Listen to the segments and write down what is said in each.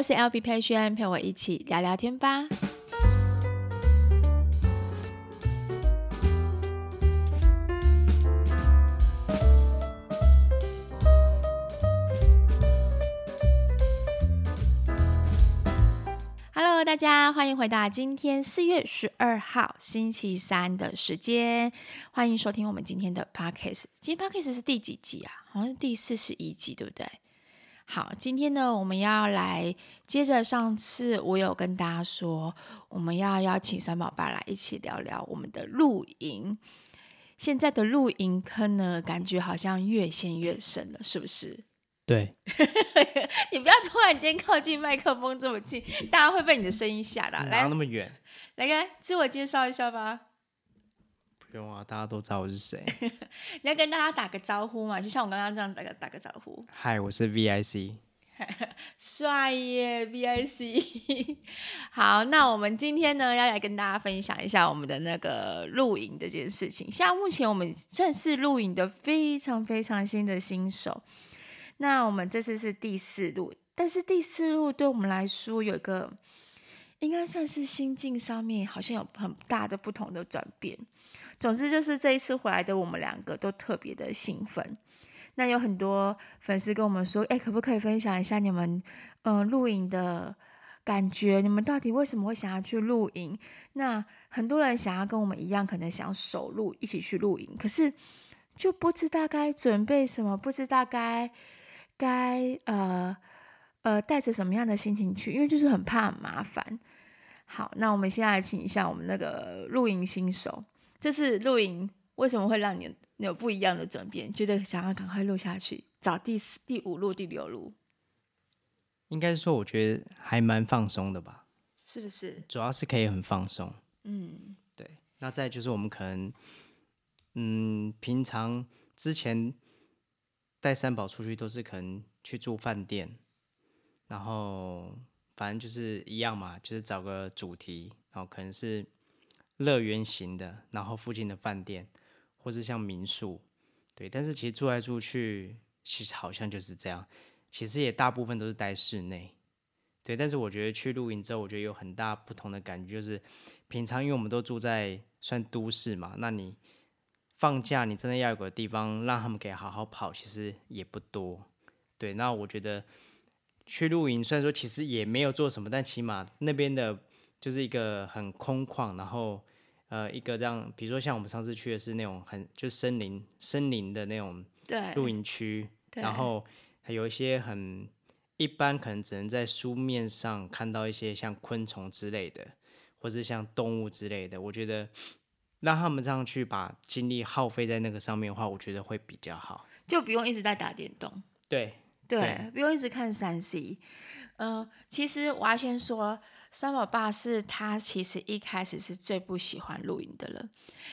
我是 LB 佩萱，陪我一起聊聊天吧。Hello，大家歡迎回到今天四月十二號星期三的時間，歡迎收聽我們今天的 Podcast。今天 Podcast 是第幾集啊？好像是第四十一季，對不對？好，今天呢，我們要來接着上次我有跟大家說，我們要邀請三寶爸來一起聊聊我們的露營。現在的露營坑呢，感覺好像越陷越深了，是不是？對， 你不要突然間靠近麥克風這麼近，大家會被你的聲音嚇到。來那麼遠，來個自我介紹一下吧。不用啊，大家都知道我是誰。 你要跟大家打個招呼嘛，就像我剛剛這樣子打個打個招呼。嗨，我是 VIC。 帥耶，VIC。BIC、 好，那我們今天呢，要來跟大家分享一下我們的那個露營這件事情。現在目前我們算是露營的非常非常新的新手。那我們這次是第四露，但是第四露對我們來說有一，有個應該算是心境上面好像有很大的不同的轉變。總之就是這一次回來的我們兩個都特別的興奮。那有很多粉絲跟我們說，哎、欸，可不可以分享一下你們嗯、呃、露營的感覺？你們到底為什麼會想要去露營？那很多人想要跟我們一樣，可能想首露一起去露營，可是就不知道該準備什麼，不知道該該呃呃帶着什麼樣的心情去，因為就是很怕很麻煩。好，那我們現在請一下我們那個露營新手。這次露營為什麼會讓你，你有不一樣的轉變？覺得想要趕快露下去，找第四、第五露、第六露。應該說，我覺得還蠻放鬆的吧？是不是？主要是可以很放鬆。嗯，對。那再就是我們可能，嗯，平常之前帶三寶出去都是可能去住飯店，然後反正就是一樣嘛，就是找個主題，然後可能是。樂園型的，然後附近的飯店，或是像民宿，對。但是其實住來住去，其實好像就是這樣。其實也大部分都是待室內，對。但是我覺得去露營之後，我覺得有很大不同的感覺，就是平常因為我們都住在算都市嘛，那你放假你真的要有個地方讓他們可以好好跑，其實也不多，對。那我覺得去露營雖然說其實也沒有做什麼，但起碼那邊的就是一個很空曠，然後。呃，一個這樣，比如說像我們上次去的是那種很就森林森林的那種露營區，然後還有一些很一般，可能只能在書面上看到一些像昆蟲之類的，或是像動物之類的。我覺得讓他們這樣去把精力耗費在那個上面的話，我覺得會比較好，就不用一直在打電動，對對，不用一直看三 C。嗯，其實我要先說。三寶爸是他其實一開始是最不喜歡露營的了，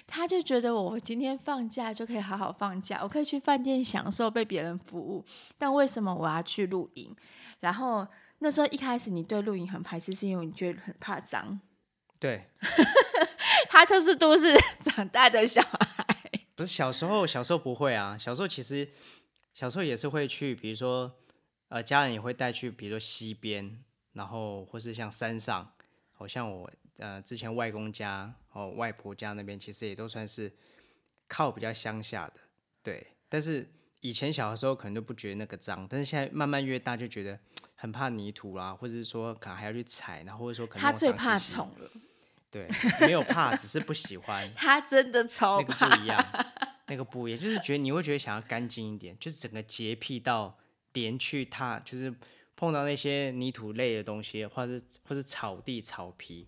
他就覺得我今天放假就可以好好放假，我可以去飯店享受被別人服務，但為什麼我要去露營？然後那時候一開始你對露營很排斥，是因為你覺得很怕髒？對， 他就是都市長大的小孩，不是小時候，小時候不會啊，小時候其實小時候也是會去，比如說呃，家人也會帶去，比如說溪邊。然後，或是像山上，好、哦、像我呃之前外公家哦外婆家那邊，其實也都算是靠比較鄉下的，對。但是以前小的時候可能都不覺得那個髒，但是現在慢慢越大，就覺得很怕泥土啦、啊，或者是說可能還要去踩，然後或者說可能會。他最怕蟲了。對， 沒有怕，只是不喜歡。 他真的超怕。那個不一樣，那個不一樣，也就是覺得你會覺得想要乾淨一點，就是整個潔癖到連去踏就是。碰到那些泥土類的東西，或是或是草地、草皮，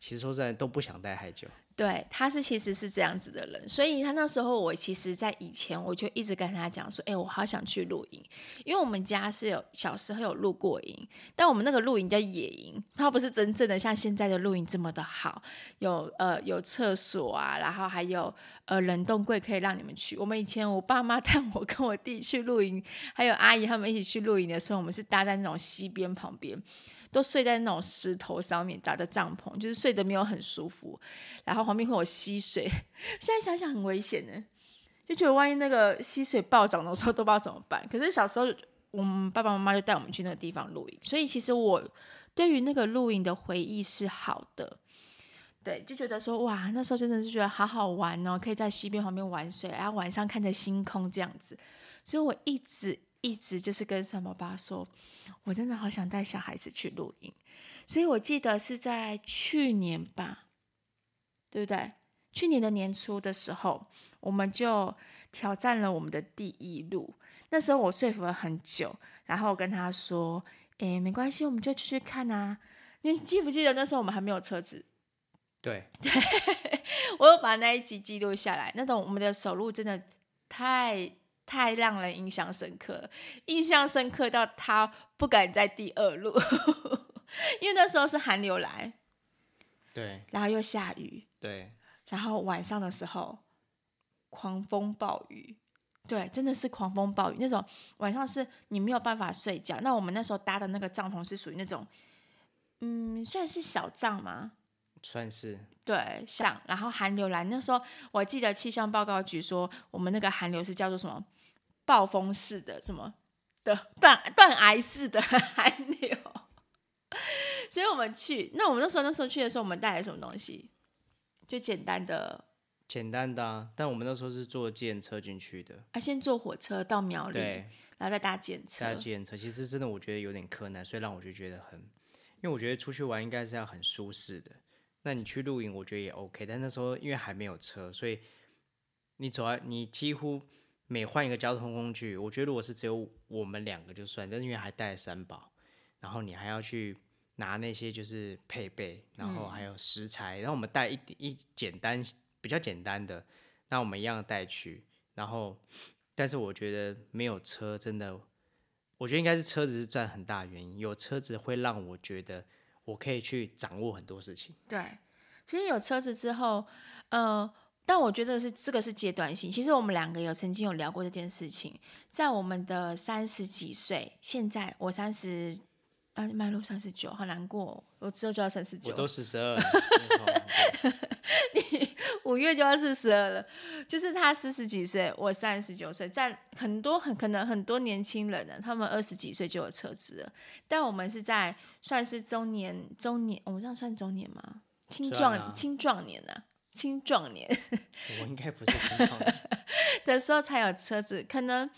其實說實在都不想待太久。對，他是其實是這樣子的人，所以他那時候我其實，在以前我就一直跟他講說，哎、欸，我好想去露營，因為我們家是有小時候有露過營，但我們那個露營叫野營，它不是真正的像現在的露營這麼的好，有呃，有廁所啊，然後還有呃冷凍櫃可以讓你們去。我們以前我爸媽帶我跟我弟去露營，還有阿姨他們一起去露營的時候，我們是搭在那種溪邊旁邊。都睡在那種石頭上面搭的帳篷，就是睡得沒有很舒服。然後旁邊會有溪水，現在想想很危險呢，就覺得萬一那個溪水暴漲的時候都不知道怎麼辦。可是小時候，我們爸爸媽媽就帶我們去那個地方露營，所以其實我對於那個露營的回憶是好的。對，就覺得說哇，那時候真的是覺得好好玩哦，可以在溪邊旁邊玩水，然後、啊、晚上看着星空這樣子，所以我一直。一直就是跟三寶爸說，我真的好想帶小孩子去露營，所以我記得是在去年吧，對不對？去年的年初的時候，我們就挑戰了我們的第一露。那時候我說服了很久，然後跟他說：“誒，沒關係，我們就去去看啊。”你記不記得那時候我們還沒有車子？對，對， 我又把那一集記錄下來。那種我們的首露真的太……太讓人印象深刻，印象深刻到他不敢在第二露呵呵，因為那時候是寒流來，對，然後又下雨，對，然後晚上的時候狂風暴雨，對，真的是狂風暴雨，那種晚上是你沒有辦法睡覺。那我們那時候搭的那個帳篷是屬於那種，嗯，算是小帳嗎？算是，對，像。然後寒流來那時候，我記得氣象報告局說我們那個寒流是叫做什麼？暴風式的什麼的斷斷崖式的寒流。所以我們去。那我們那時候那時候去的時候，我們帶了什麼東西？就簡單的，簡單的、啊。但我們那時候是坐計程車進去的。啊，先坐火車到苗栗，然後再搭計程車。搭計程車其實真的，我覺得有點困難，所以讓我就覺得很，因為我覺得出去玩應該是要很舒適的。那你去露營，我覺得也 OK。但那時候因為還沒有車，所以你走啊，你幾乎。每換一個交通工具，我覺得如果是只有我們兩個就算，但是因為還帶三寶，然後你還要去拿那些就是配備，然後還有食材，嗯、然後我們帶一一簡單比較簡單的，那我們一樣帶去，然後但是我覺得沒有車真的，我覺得應該是車子是占很大原因，有車子會讓我覺得我可以去掌握很多事情。對，其實有車子之後，呃。但我覺得是這個是階段性。其實我們兩個有曾經有聊過這件事情，在我們的三十幾歲。現在我三十，啊，麥露三十九，好難過、哦，我之後就要三十九。我都四十二了， 哦、對 你五月就要四十二了。就是他四十幾歲，我三十九歲。在很多很可能很多年輕人呢、啊，他們二十幾歲就有車子了。但我們是在算是中年，中年，哦、我們這樣算中年嗎？青壯，啊、青壯年呢、啊？青壯年，我應該不是青壯年 的時候才有車子，可能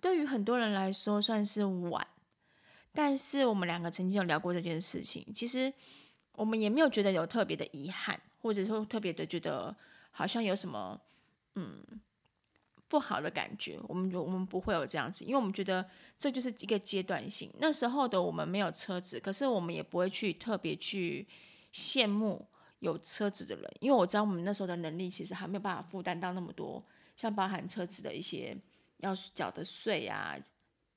對於很多人來說算是晚，但是我們兩個曾經有聊過這件事情，其實我們也沒有覺得有特別的遺憾，或者說特別的覺得好像有什麼嗯不好的感覺，我們就我們不會有這樣子，因為我們覺得這就是一個階段性，那時候的我們沒有車子，可是我們也不會去特別去羨慕。有車子的人，因為我知道我們那時候的能力其實還沒有辦法負擔到那麼多，像包含車子的一些要繳的稅啊、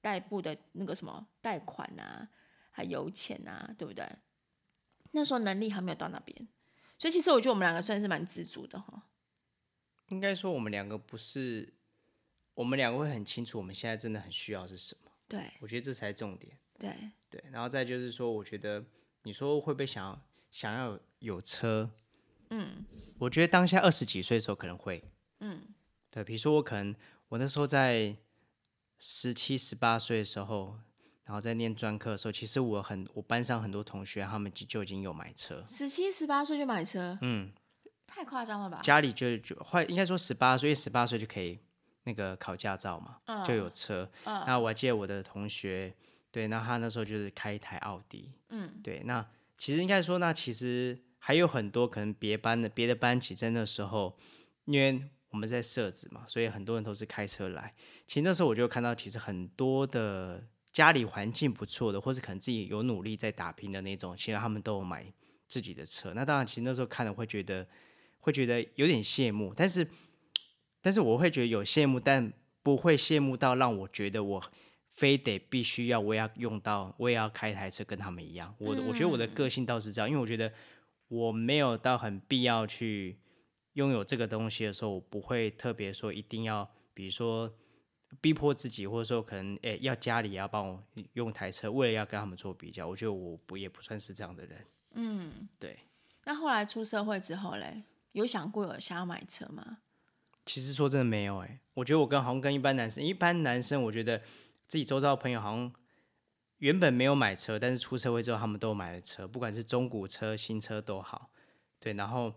代步的那個什麼貸款啊、還油錢啊，對不對？那時候能力還沒有到那邊，所以其實我覺得我們兩個算是蠻知足的哈。應該說我們兩個不是，我們兩個會很清楚我們現在真的很需要是什麼。對，我覺得這才重點。對對，然後再就是說，我覺得你說會不會想要？想要有車，嗯，我覺得當下二十幾歲的時候可能會，嗯，對，比如說我可能我那時候在十七、十八歲的時候，然後在念專科的時候，其實我很，我班上很多同學他們就就已經有買車，十七、十八歲就買車，嗯，太誇張了吧？家裡就就壞，應該說十八歲，因為十八歲就可以那個考駕照嘛、呃，就有車，然、呃、後我還借我的同學，對，那他那時候就是開一台奧迪，嗯，對，那。其實應該說，那其實還有很多可能別的班的、別的班級，在那時候，因為我們在設置嘛，所以很多人都是開車來。其實那時候我就看到，其實很多的家裡環境不錯的，或是可能自己有努力在打拼的那種，其實他們都有買自己的車。那當然，其實那時候看了會覺得，會覺得有點羨慕。但是，但是我會覺得有羨慕，但不會羨慕到讓我覺得我。非得必須要我也要用到，我也要開台車跟他們一樣。我我覺得我的個性倒是這樣、嗯，因為我覺得我沒有到很必要去擁有這個東西的時候，我不會特別說一定要，比如說逼迫自己，或者說可能誒、欸、要家裡也要幫我用台車，為了要跟他們做比較。我覺得我不也不算是這樣的人。嗯，對。那後來出社會之後嘞，有想過有想要買車嗎？其實說真的沒有誒、欸，我覺得我跟好像跟一般男生，一般男生我覺得。自己周遭的朋友好像原本沒有買車，但是出社會之後他們都有買了車，不管是中古車、新車都好。對，然後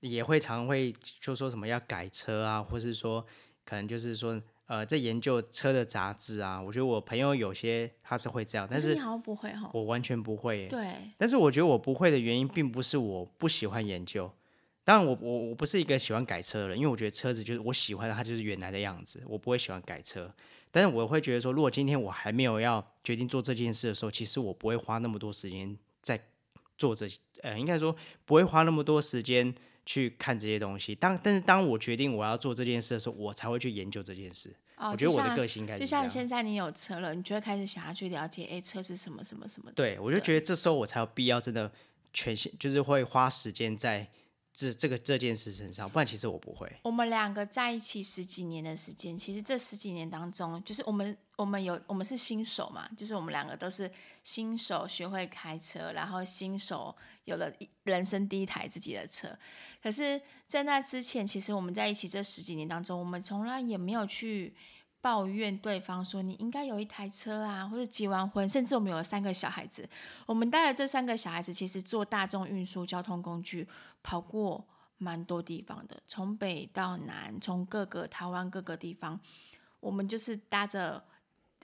也會常會就說什麼要改車啊，或是說可能就是說呃在研究車的雜誌啊。我覺得我朋友有些他是會這樣，但是我完全不會耶，但是你好像不會哦？對，但是我覺得我不會的原因並不是我不喜歡研究，當然我我我不是一個喜歡改車的人，因為我覺得車子就是我喜歡的它，就是原來的樣子，我不會喜歡改車。但是我會覺得說，如果今天我還沒有要決定做這件事的時候，其實我不會花那麼多時間在做這些，呃，應該說不會花那麼多時間去看這些東西。當但是當我決定我要做這件事的時候，我才會去研究這件事。哦，我覺得我的個性應該就，就像現在你有車了，你就會開始想要去了解，哎，車是什麼什麼什麼的。對我就覺得這時候我才有必要真的全心，就是會花時間在。這這個這件事身上，不然其實我不會。我們兩個在一起十幾年的時間，其實這十幾年當中，就是我們我們有我們是新手嘛，就是我們兩個都是新手學會開車，然後新手有了人生第一台自己的車。可是，在那之前，其實我們在一起這十幾年當中，我們從來也沒有去。抱怨對方說：“你應該有一台車啊，或者結完婚，甚至我們有三個小孩子，我們帶着這三個小孩子，其實坐大眾運輸交通工具跑過蠻多地方的，從北到南，從各個台灣各個地方，我們就是搭着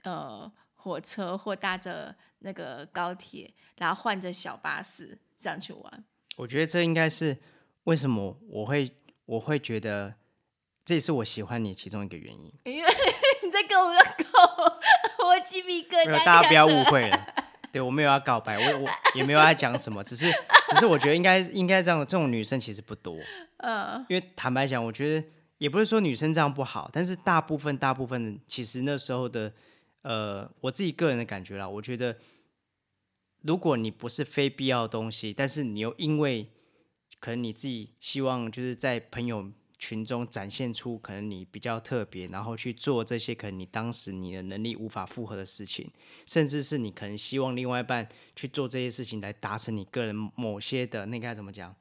呃火車或搭着那個高鐵，然後換着小巴士這樣去玩。”我覺得這應該是為什麼我會我會覺得這是我喜歡你其中一個原因，因為。在跟我的狗，我雞皮疙瘩。沒有，大家不要誤會了。對，我沒有要告白，我我也沒有要講什麼， 只是只是我覺得應該應該這樣，這種女生其實不多。嗯，因為坦白講，我覺得也不是說女生這樣不好，但是大部分大部分其實那時候的，呃，我自己個人的感覺啦，我覺得如果你不是非必要的東西，但是你又因為可能你自己希望就是在朋友。群中展現出可能你比較特別，然後去做這些可能你當時你的能力無法負荷的事情，甚至是你可能希望另外一半去做這些事情來達成你個人某些的那該怎麼講？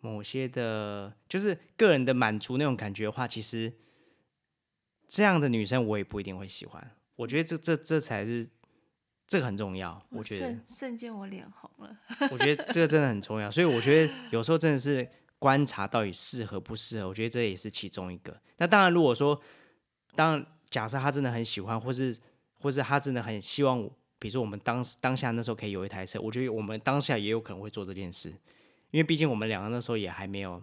某些的，就是個人的滿足那種感覺的話，其實這樣的女生我也不一定會喜歡。我覺得這這這才是這個很重要。我覺得瞬間我臉紅了。 我覺得這個真的很重要，所以我覺得有時候真的是。觀察到底適合不適合，我覺得這也是其中一個。那當然，如果說，當假設他真的很喜歡，或是或是他真的很希望，比如說我們當當下那時候可以有一台車，我覺得我們當下也有可能會做這件事，因為畢竟我們兩個那時候也還沒有。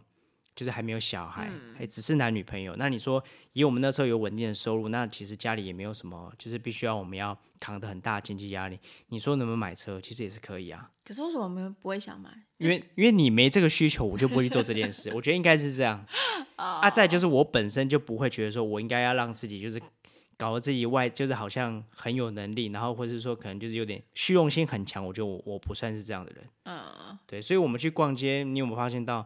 就是還沒有小孩，還、嗯欸、只是男女朋友。那你說，以我們那時候有穩定的收入，那其實家裡也沒有什麼，就是必須要我們要扛得很大的經濟壓力。你說能不能買車？其實也是可以啊。可是為什麼我們不會想買？因為、就是、因為你沒這個需求，我就不會去做這件事。 我覺得應該是這樣 啊。再就是我本身就不會覺得說我應該要讓自己就是搞得自己外，就是好像很有能力，然後或是說可能就是有點虛榮心很強。我覺得我我不算是這樣的人。嗯。對，所以我們去逛街，你有沒有發現到？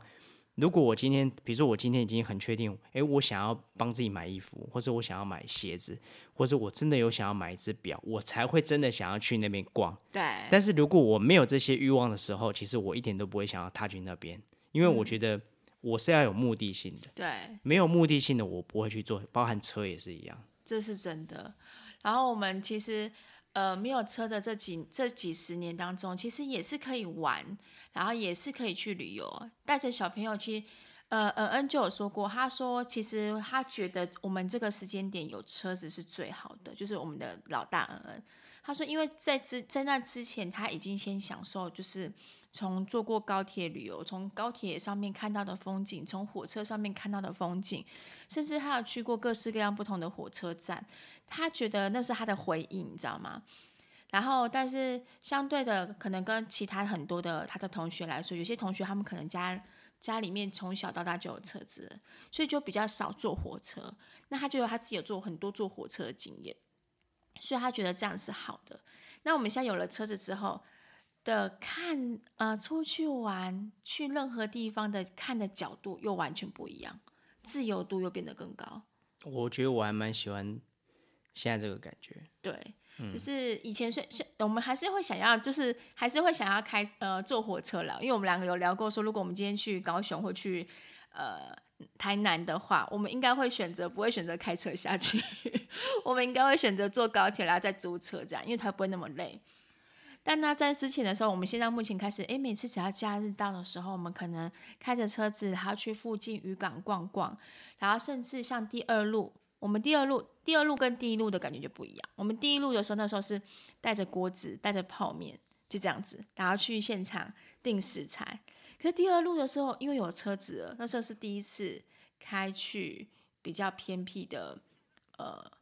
如果我今天，比如說我今天已經很確定，哎，我想要幫自己買衣服，或者我想要買鞋子，或者我真的有想要買一只表，我才會真的想要去那邊逛。對。但是如果我沒有這些欲望的時候，其實我一點都不會想要踏進那邊，因為我覺得我是要有目的性的。對、嗯。沒有目的性的，我不會去做，包含車也是一樣。這是真的。然後我們其實。呃，沒有車的這幾這幾十年當中，其實也是可以玩，然後也是可以去旅遊，帶着小朋友去。呃呃恩就有說過，他說其實他覺得我們這個時間點有車子是最好的，就是我們的老大嗯嗯，他說因為在之在那之前他已經先享受，就是。從坐過高鐵旅遊，從高鐵上面看到的風景，從火車上面看到的風景，甚至他有去過各式各樣不同的火車站，他覺得那是他的回憶，你知道嗎？然後，但是相對的，可能跟其他很多的他的同學來說，有些同學他們可能家家裡面從小到大就有車子，所以就比較少坐火車。那他就有他自己有坐很多坐火車的經驗，所以他覺得這樣是好的。那我們現在有了車子之後，的看，呃，出去玩去任何地方的看的角度又完全不一樣，自由度又變得更高。我覺得我還蠻喜歡現在這個感覺。對，嗯、就是以前是，我們還是會想要，就是還是會想要開，呃，坐火車啦。因為我們兩個有聊過說，說如果我們今天去高雄或去呃台南的話，我們應該會選擇不會選擇開車下去， 我們應該會選擇坐高鐵，然後再租車這樣，因為它不會那麼累。但在之前的時候，我們現在目前開始，誒每次只要假日到的時候，我們可能開着車子還要去附近漁港逛逛，然後甚至像第二露，我們第二露第二露跟第一露的感覺就不一樣。我們第一露的時候，那時候是帶着鍋子，帶着泡麵，就這樣子，然後去現場訂食材。可是第二露的時候，因為有車子，那時候是第一次開去比較偏僻的，呃。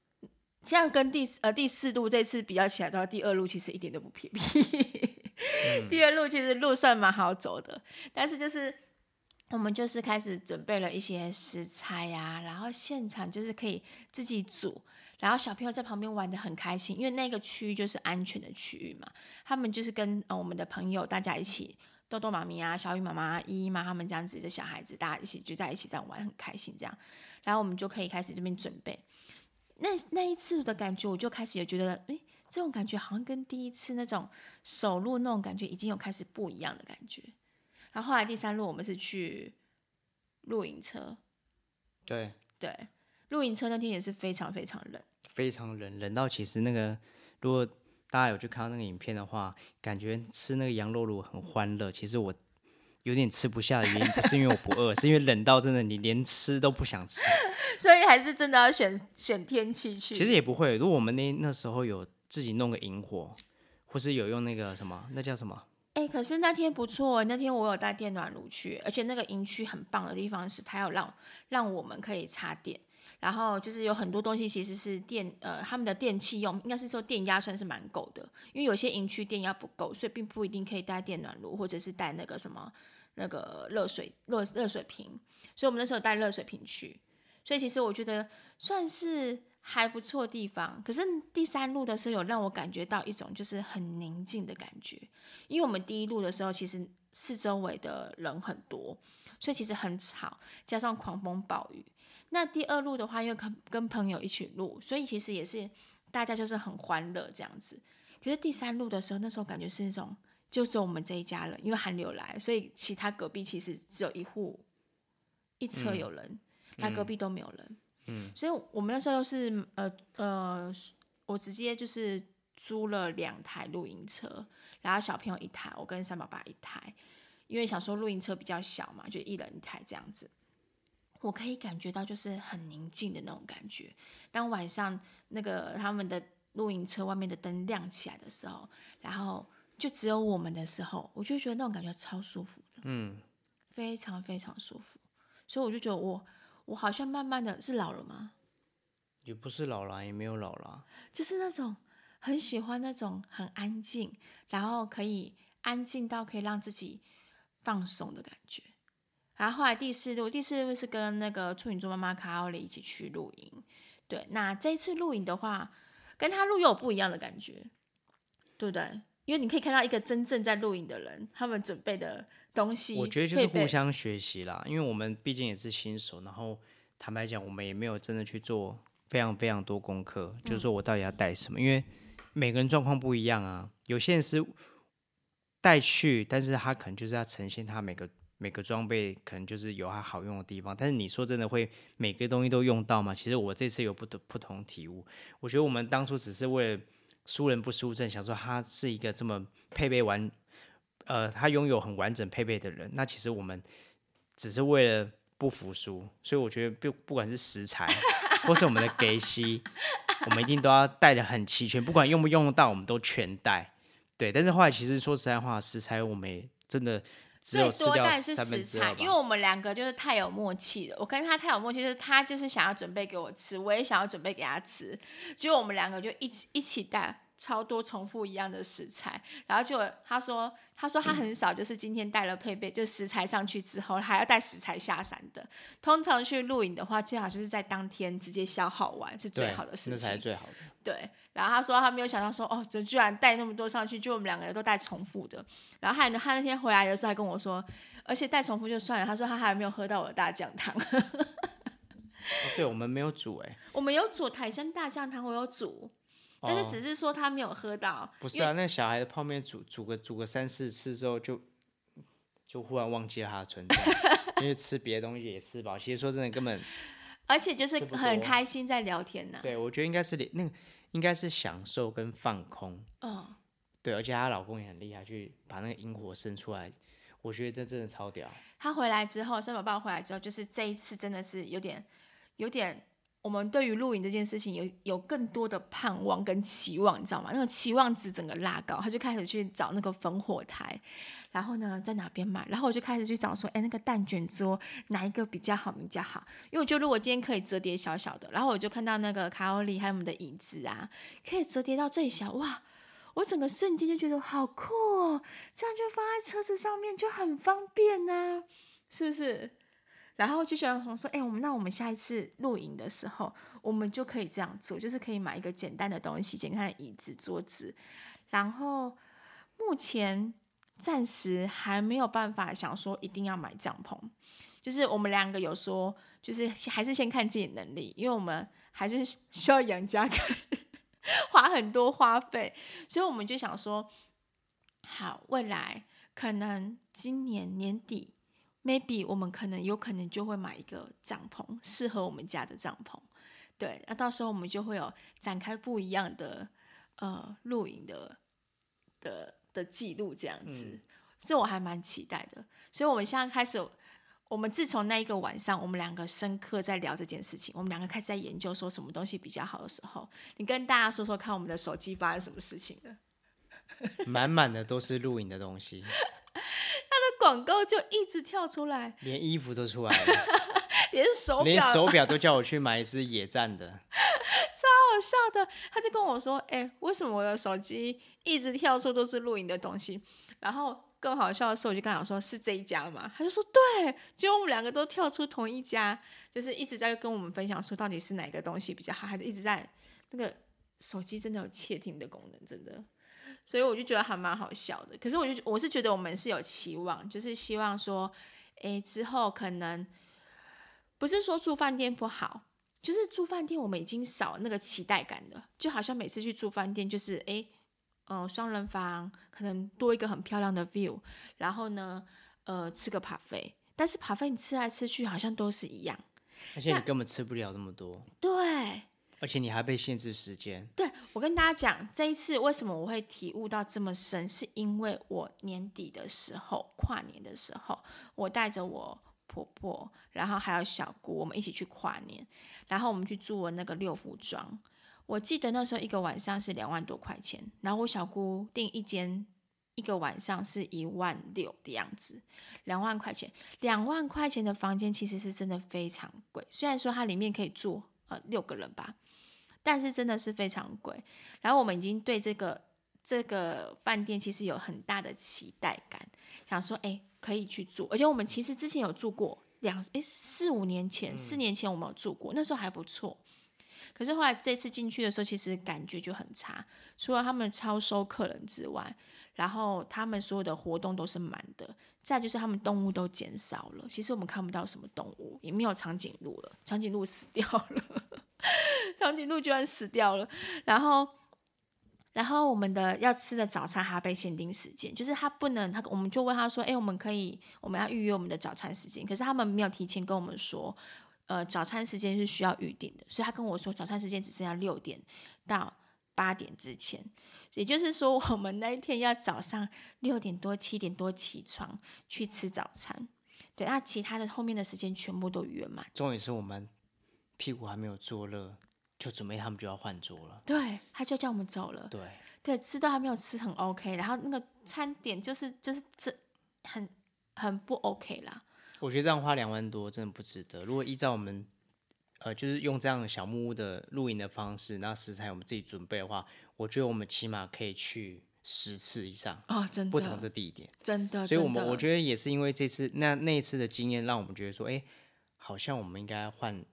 這樣跟第呃第四露這次比較起來的話，第二露其實一點都不便宜、 嗯。第二露其實路算蠻好走的，但是就是我們就是開始準備了一些食材呀，啊，然後現場就是可以自己煮，然後小朋友在旁邊玩的很開心，因為那個區域就是安全的區域嘛。他們就是跟、呃、我們的朋友大家一起豆豆媽咪啊、小雨媽媽、啊、依依媽他們這樣子的小孩子，大家一起聚在一起這樣玩很開心這樣，然後我們就可以開始這邊準備。那那一次的感覺，我就開始也覺得，誒、欸，這種感覺好像跟第一次那種首露那種感覺已經有開始不一樣的感覺。然後後來第三露我們是去露營車，對對，露營車那天也是非常非常冷，非常冷，冷到其實那個，如果大家有去看到那個影片的話，感覺吃那個羊肉爐很歡樂。其實我。有點吃不下的原因不是因為我不餓， 是因為冷到真的你連吃都不想吃， 所以還是真的要選選天氣去。其實也不會，如果我們那那時候有自己弄個營火，或是有用那個什麼，那叫什麼？哎、欸，可是那天不錯、欸，那天我有帶電暖爐去、欸，而且那個營區很棒的地方是它有，它要讓讓我們可以插電，然後就是有很多東西其實是電呃他們的電器用，應該是說電壓算是蠻夠的，因為有些營區電壓不夠，所以並不一定可以帶電暖爐或者是帶那個什麼。那個熱水熱熱水瓶，所以我們那時候帶熱水瓶去，所以其實我覺得算是還不錯的地方。可是第三路的時候有讓我感覺到一種就是很寧靜的感覺，因為我們第一露的時候其實四周圍的人很多，所以其實很吵，加上狂風暴雨。那第二露的話又跟跟朋友一起露，所以其實也是大家就是很歡樂這樣子。可是第三露的時候，那時候感覺是一種。就只有我們這一家人，因為寒流來，所以其他隔壁其實只有一戶，一車有人，那、嗯、隔壁都沒有人。嗯，所以我們那時候是呃呃，我直接就是租了兩台露營車，然後小朋友一台，我跟三寶爸一台，因為想說露營車比較小嘛，就一人一台這樣子。我可以感覺到就是很寧靜的那種感覺。當晚上那個他們的露營車外面的燈亮起來的時候，然後。就只有我們的時候，我就覺得那種感覺超舒服的，嗯，非常非常舒服。所以我就覺得我我好像慢慢的是老了嗎？也不是老了，也沒有老了，就是那種很喜歡那種很安靜，然後可以安靜到可以讓自己放鬆的感覺。然後後來第四露，第四露是跟那個處女座媽媽卡奧里一起去露營。對，那這一次露營的話，跟她露又有不一樣的感覺，對不對？因為你可以看到一個真正在露營的人，他們準備的東西，我覺得就是互相學習啦。因為我們畢竟也是新手，然後坦白講，我們也沒有真的去做非常非常多功課，嗯，就是說我到底要帶什麼？因為每個人狀況不一樣啊，有些人是帶去，但是他可能就是要呈現他每個每個裝備，可能就是有他好用的地方。但是你說真的會每個東西都用到嗎？其實我這次有不同不同體悟，我覺得我們當初只是為了。輸人不輸陣，想說他是一個這麼配備完，呃，他擁有很完整配備的人。那其實我們只是為了不服輸，所以我覺得不不管是食材，或是我們的給息， 我們一定都要帶得很齊全，不管用不用得到，我們都全帶。對，但是後來其實說實在話，食材我們也真的。最多，帶是食材，因為我們兩個就是太有默契了。我跟他太有默契，是他就是想要準備給我吃，我也想要準備給他吃，結果我們兩個就一起一起帶。超多重複一樣的食材，然後就他說他說他很少就是今天帶了配備，嗯、就食材上去之後還要帶食材下山的。通常去露營的話，最好就是在當天直接消耗完是最好的食材。最好的。對，然後他說他沒有想到說哦，就居然帶那麼多上去，就我們兩個人都帶重複的。然後還有呢，他那天回來的時候還跟我說，而且帶重複就算了，他說他還沒有喝到我的大醬湯。對、 okay，我們沒有煮哎、欸。我們有煮台山大醬湯，我有煮。但是只是說他沒有喝到，哦、不是啊？那小孩的泡麵煮煮個煮個三四次之後就，就就忽然忘記了他的存在， 因為吃別的東西也吃飽。其實說真的，根本，而且就是很開心在聊天呢、啊。對，我覺得應該是那個應該是享受跟放空。嗯、哦，對，而且她老公也很厲害，去把那個營火生出來，我覺得這真的超屌。他回來之後，生寶寶回來之後，就是這一次真的是有點有點。我們對於露營這件事情有有更多的盼望跟期望，你知道嗎？那個期望值整個拉高，他就開始去找那個焚火台，然後呢在哪邊買？然後我就開始去找說，哎，那個蛋卷桌哪一個比較好比較好？因為我就如果今天可以折疊小小的，然後我就看到那個卡羅里還有我們的椅子啊，可以折疊到最小，哇！我整個瞬間就覺得好酷哦，這樣就放在車子上面就很方便吶、啊，是不是？然後就想說：“哎、欸，我們那我們下一次露營的時候，我們就可以這樣做，就是可以買一個簡單的東西，簡單的椅子、桌子。然後目前暫時還沒有辦法想說一定要買帳篷，就是我們兩個有說，就是還是先看自己的能力，因為我們還是需要養家看，花很多花費，所以我們就想說，好，未來可能今年年底。” Maybe 我們可能有可能就會買一個帳篷，適合我們家的帳篷，對，那、啊、到時候我們就會有展開不一樣的呃露營的的的記錄這樣子，這、嗯、我還蠻期待的。所以我們現在開始，我們自從那一個晚上，我們兩個深刻在聊這件事情，我們兩個開始在研究說什麼東西比較好的時候，你跟大家說說看，我們的手機發生什麼事情了？滿滿的都是露營的東西。 廣告就一直跳出來，連衣服都出來了， 連手連手錶都叫我去買一隻野戰的， 超好笑的。他就跟我說：“哎、欸，為什麼我的手機一直跳出都是露營的東西？”然後更好笑的是，我就剛想說：“是這一家嗎？”他就說：“對。”結果我們兩個都跳出同一家，就是一直在跟我們分享說到底是哪個東西比較好，還是一直在那個手機真的有竊聽的功能，真的。所以我就覺得還蠻好笑的，可是我就我是覺得我們是有期望，就是希望說，哎，之後可能不是說住飯店不好，就是住飯店我們已經少那個期待感了，就好像每次去住飯店就是，哎，嗯、呃，雙人房可能多一個很漂亮的 view，然後呢，呃，吃個 buffet，但是 buffet 你吃來吃去好像都是一樣，而且你根本吃不了那麼多，對。而且你還被限制時間。對，我跟大家講，這一次為什麼我會體悟到這麼深，是因為我年底的時候，跨年的時候，我帶着我婆婆，然後還有小姑，我們一起去跨年，然後我們去住那個六福莊。我記得那時候一個晚上是兩萬多塊錢，然後我小姑訂一間，一個晚上是一萬六的樣子，兩萬塊錢，兩萬塊錢的房間其實是真的非常貴，雖然說它裡面可以住呃六個人吧。但是真的是非常貴，然後我們已經對這個這個飯店其實有很大的期待感，想說誒可以去住，而且我們其實之前有住過兩誒四五年前四年前我們有住過，嗯，那時候還不錯，可是後來這次進去的時候其實感覺就很差，除了他們超收客人之外，然後他們所有的活動都是滿的，再就是他們動物都減少了，其實我們看不到什麼動物，也沒有長頸鹿了，長頸鹿死掉了。 長頸鹿居然死掉了，然後，然後我們的要吃的早餐還被限定時間，就是他不能，他我們就問他說，哎、欸，我們可以，我們要預約我們的早餐時間，可是他們沒有提前跟我們說，呃，早餐時間是需要預定的，所以他跟我說早餐時間只剩下六點到八點之前，也就是說我們那一天要早上六點多七點多起床去吃早餐，對，那其他的後面的時間全部都約滿，終於是我們。屁股還沒有坐熱，就準備他們就要換桌了。對，他就叫我們走了。對，對，吃都還沒有吃，很 OK。然後那個餐點就是就是這很很不 OK 啦。我覺得這樣花兩萬多真的不值得。如果依照我們呃，就是用這樣的小木屋的露營的方式，那食材我們自己準備的話，我覺得我們起碼可以去十次以上真的不同的地點，哦、真的。所以，我們我覺得也是因為這次那那一次的經驗，讓我們覺得說，哎、欸，好像我們應該換。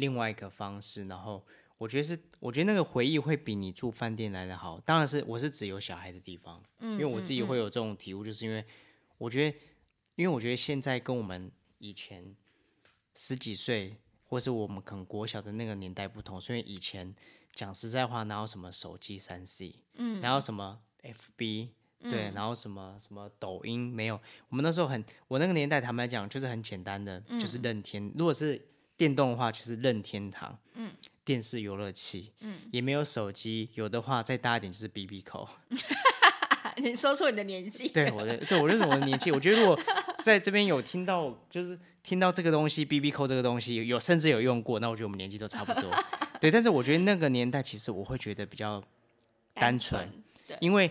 另外一個方式，然後我覺得是，我覺得那個回憶會比你住飯店來得好。當然是，我是指有小孩的地方嗯嗯嗯，因為我自己會有這種體悟，就是因為我覺得，因為我覺得現在跟我們以前十幾歲，或是我們可能國小的那個年代不同，所以以前講實在話，哪有什麼手機三 C，哪有什麼 FB，對，嗯、然後什麼什麼抖音沒有，我們那時候很，我那個年代坦白講就是很簡單的、嗯，就是任天，如果是。電動的話就是任天堂，嗯、電視遊樂器，嗯，也沒有手機，有的話再大一點就是 BB call。 你說出你的年紀。對我的，對我認識我的年紀， 我覺得如果在這邊有聽到，就是聽到這個東西 BB call 這個東西有，有甚至有用過，那我覺得我們年紀都差不多。 對，但是我覺得那個年代其實我會覺得比較單純，單純因為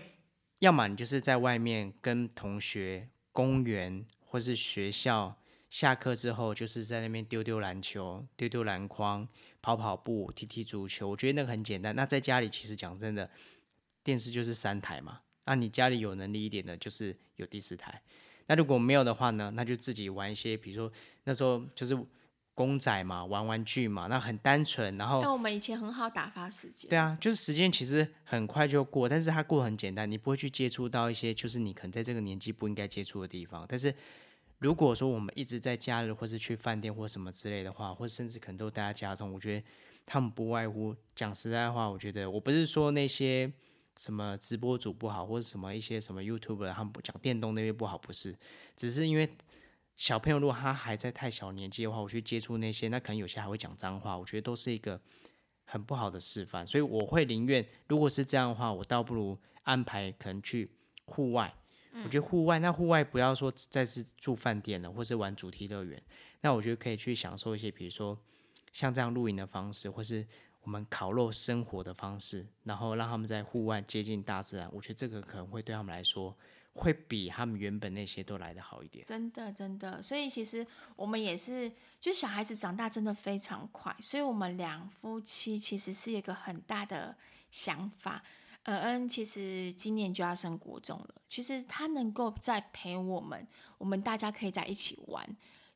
要麼你就是在外面跟同學公園或是學校。下課之後就是在那邊丟丟籃球、丟丟籃筐、跑跑步、踢踢足球，我覺得那個很簡單。那在家裡其實講真的，電視就是三台嘛。那你家裡有能力一點的，就是有第四台。那如果沒有的話呢，那就自己玩一些，比如說那時候就是公仔嘛、玩玩具嘛，那很單純。然後，但我們以前很好打發時間。對啊，就是時間其實很快就過，但是它過得很簡單，你不會去接觸到一些就是你可能在這個年紀不應該接觸的地方，但是。如果說我們一直在假日，或是去飯店或什麼之類的話，或甚至可能都待在家中，我覺得他們不外乎，講實在話，我覺得我不是說那些什麼直播主不好，或者什麼一些什麼 YouTuber 他們講電動那邊不好，不是，只是因為小朋友如果他還在太小年紀的話，我去接觸那些，那可能有些還會講髒話，我覺得都是一個很不好的示範，所以我會寧願，如果是這樣的話，我倒不如安排可能去戶外。我覺得戶外，那戶外不要說再是住飯店了，或是玩主題樂園，那我覺得可以去享受一些，比如說像這樣露營的方式，或是我們烤肉生活的方式，然後讓他們在戶外接近大自然，我覺得這個可能會對他們來說，會比他們原本那些都來得好一點。真的，真的。所以其實我們也是，就小孩子長大真的非常快，所以我們兩夫妻其實是一個很大的想法。嗯嗯，其實今年就要升國中了。其實他能夠再陪我們，我們大家可以在一起玩，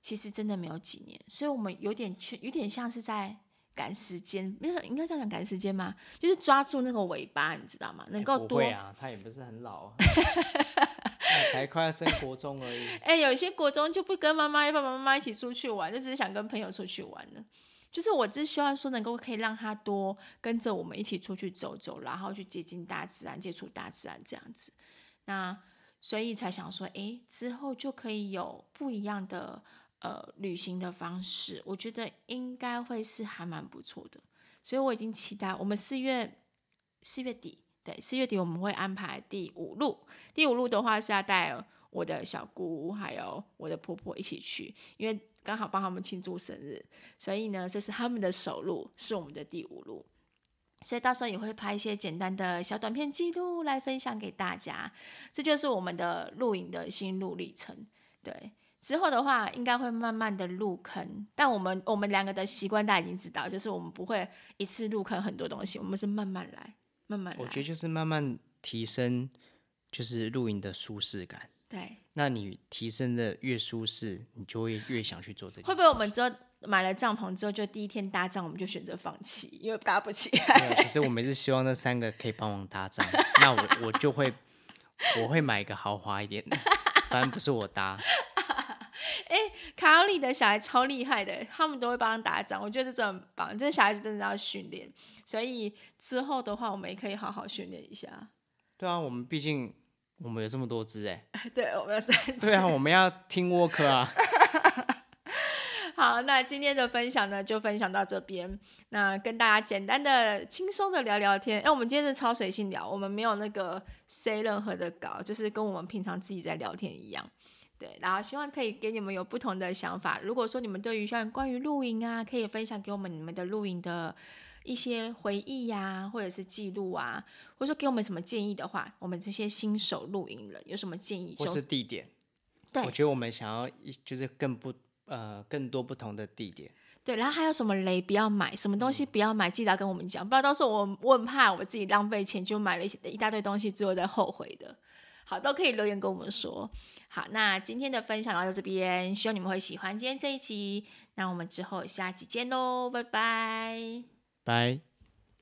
其實真的沒有幾年，所以我們有點有點像是在趕時間，不是應該這樣趕時間嘛，就是抓住那個尾巴，你知道嗎？能夠、欸、啊，他也不是很老， 才快要升國中而已。哎、 欸，有一些國中就不跟媽媽、爸爸媽媽一起出去玩，就只是想跟朋友出去玩了。就是我只希望說，能夠可以讓他多跟着我們一起出去走走，然後去接近大自然，接觸大自然這樣子。那所以才想說，誒、欸，之後就可以有不一樣的呃旅行的方式。我覺得應該會是還蠻不錯的。所以我已經期待我們四月四月底，對，四月底我們會安排第五露。第五露的話是要帶我的小姑還有我的婆婆一起去，因為。剛好幫他們慶祝生日，所以呢，這是他們的首露，是我們的第五露，所以到時候也會拍一些簡單的小短片記錄來分享給大家。這就是我們的露營的心路歷程。對，之後的話應該會慢慢的入坑，但我們我們兩個的習慣大家已經知道，就是我們不會一次入坑很多東西，我們是慢慢來，慢慢來。我覺得就是慢慢提升，就是露營的舒適感。對，那你提升的越舒適，你就會越想去做這。會不會我們之後買了帳篷之後，就第一天搭帳我們就選擇放棄，因為搭不起來？沒有，其實我們是希望那三個可以幫忙搭帳， 那我我就會 我會買一個豪華一點的，反正不是我搭。哎、 啊欸，卡奧里的小孩超厲害的，他們都會幫忙搭帳，我覺得這真的很棒。這小孩子真的要訓練，所以之後的話，我們也可以好好訓練一下。對啊，我們畢竟。我們有這麼多隻哎、欸，對，我們有三隻。對啊，我們要聽沃科啊。好，那今天的分享呢，就分享到這邊。那跟大家簡單的、輕鬆的聊聊天。那、欸、我們今天是超隨性聊，我們沒有那個 say 任何的稿，就是跟我們平常自己在聊天一樣。對，然後希望可以給你們有不同的想法。如果說你們對於像關於露營啊，可以分享給我們你們的露營的，一些回憶呀、啊，或者是記錄啊，或者說給我們什麼建議的話，我們這些新手錄影人有什麼建議？或是地點？對，我覺得我們想要一就是更不呃更多不同的地點。對，然後還有什麼雷不要買，什麼東西不要買，嗯、記得要跟我們講。不然到時候我們我很怕我們自己浪費錢，就買了一些一大堆東西之後再後悔的。好，都可以留言跟我們說。好，那今天的分享就到這邊，希望你們會喜歡今天這一集。那我們之後下期見嘍，拜拜。拜。